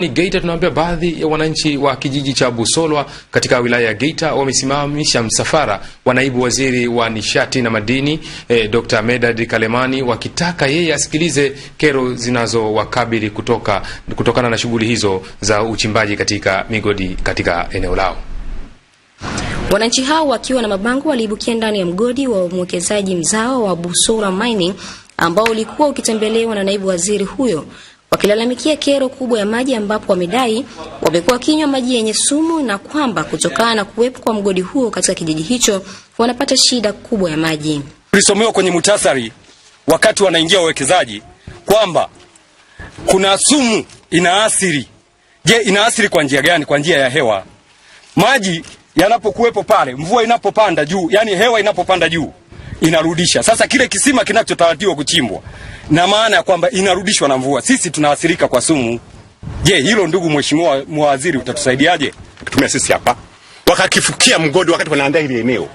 Ni Geita tunawaambia baadhi ya wananchi wa kijiji cha Busolwa katika wilaya ya Geita wamesimamisha msafara wa naibu waziri wa nishati na madini eh, Dr. Medad Kalemani wakitaka yeye asikilize kero zinazowakabili kutoka, kutokana na shughuli hizo za uchimbaji katika migodi katika eneo lao. Wananchi hao wakiwa na mabango waliibukia ndani ya mgodi wa mwekezaji mzao wa Busolwa Mining ambao ulikuwa ukitembelewa na naibu waziri huyo wakilalamikia kero kubwa ya maji ambapo wamedai wamekuwa wakinywa maji yenye sumu na kwamba kutokana na kuwepo kwa mgodi huo katika kijiji hicho wanapata shida kubwa ya maji. Tulisomewa kwenye mutasari wakati wanaingia wawekezaji kwamba kuna sumu inaathiri. Je, inaathiri kwa njia gani? Kwa njia ya hewa. Maji yanapokuwepo pale, mvua inapopanda juu, yani hewa inapopanda juu inarudisha. Sasa kile kisima kinachotarajiwa kuchimbwa, na maana ya kwamba inarudishwa na mvua, sisi tunaathirika kwa sumu. Je, hilo ndugu mheshimiwa mwaziri utatusaidiaje? Tumia sisi hapa wakakifukia mgodi wakati wanaandaa hili eneo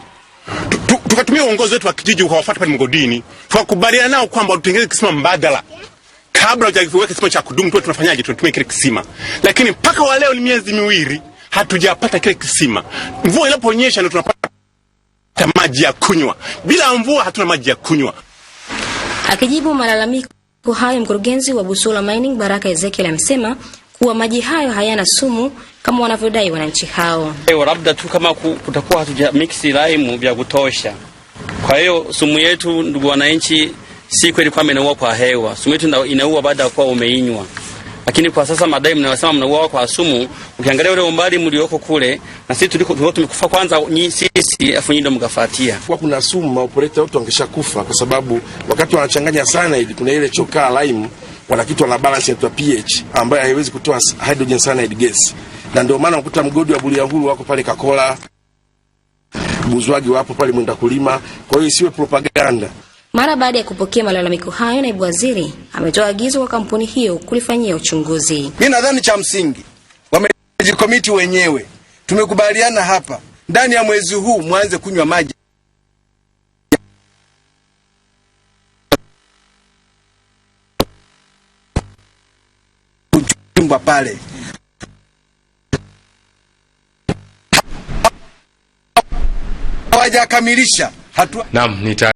tukatumia uongozi wetu wa kijiji ukawafuata pale mgodini, tukakubaliana nao kwamba tutengeneze kisima mbadala kabla hujaweka kisima cha kudumu Tuwe Tunafanyaje? tunatumia kile kisima, lakini mpaka wa leo ni miezi miwili hatujapata kile kisima. Mvua inaponyesha ndio tunapata hata maji ya kunywa. Bila mvua hatuna maji ya kunywa. Akijibu malalamiko hayo, mkurugenzi wa Busola Mining Baraka Ezekiel amesema kuwa maji hayo hayana sumu kama wanavyodai wananchi hao. Leo labda tu kama kutakuwa hatuja mix lime vya kutosha. Kwa hiyo sumu yetu, ndugu wananchi, si kweli kwamba inaua kwa hewa. Sumu yetu inaua baada ya kuwa umeinywa lakini kwa sasa madai mnayosema mnauawa kwa sumu, ukiangalia ule umbali mlioko kule na sisi tuliko tumekufa kwanza nyi sisi, afu nyinyi ndo mkafuatia. Kwa kuna sumu operator wote wangeshakufa, kwa sababu wakati wanachanganya sana, hivi, kuna ile chokaa lime wana kitu wana balance ya pH ambayo haiwezi kutoa hydrogen cyanide gas, na ndio maana ukuta mgodi wa Bulyanhulu wako pale Kakola, Buzwagi wapo pale Mwenda Kulima. Kwa hiyo isiwe propaganda. Mara baada ya kupokea malalamiko hayo, naibu waziri ametoa agizo kwa kampuni hiyo kulifanyia uchunguzi. Mi nadhani cha msingi wamejikomiti wenyewe, tumekubaliana hapa ndani ya mwezi huu mwanze kunywa maji kuchimbwa pale hawajakamilisha hatua. Naam, nita